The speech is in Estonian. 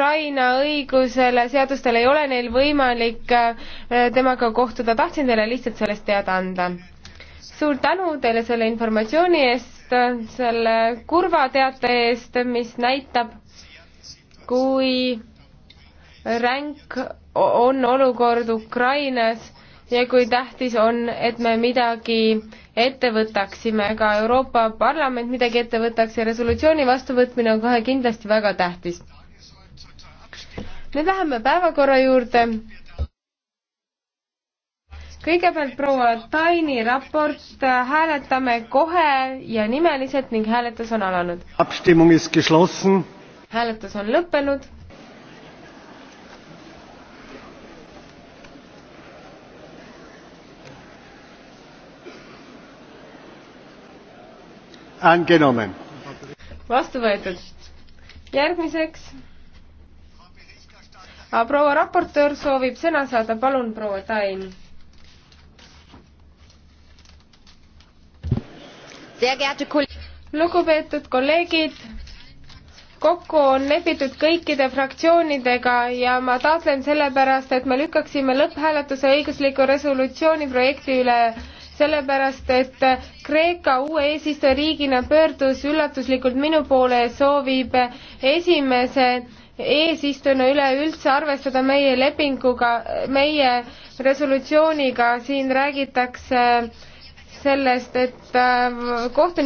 Ukraina õigusele, seadustel ei ole neil võimalik äh, temaga kohtuda, tahtsin teile lihtsalt sellest teada anda. suur tänu teile selle informatsiooni eest, selle kurva teate eest, mis näitab, kui ränk on olukord Ukrainas ja kui tähtis on, et me midagi ette võtaksime, ka Euroopa Parlament midagi ette võtaks ja resolutsiooni vastuvõtmine on kohe kindlasti väga tähtis nüüd läheme päevakorra juurde. kõigepealt proua Taini raport, hääletame kohe ja nimeliselt ning hääletus on alanud. hääletus on lõppenud. angenommen. vastu võetud. järgmiseks proua raportöör soovib sõna saada, palun, proua Tain. lugupeetud kolleegid, kokku on lepitud kõikide fraktsioonidega ja ma taotlen sellepärast, et me lükkaksime lõpphääletuse õigusliku resolutsiooni projekti üle sellepärast, et Kreeka uue eesistujariigina pöördus üllatuslikult minu poole ja soovib esimese eesistujana üleüldse arvestada meie lepinguga, meie resolutsiooniga, siin räägitakse sellest, et äh, kohtunikud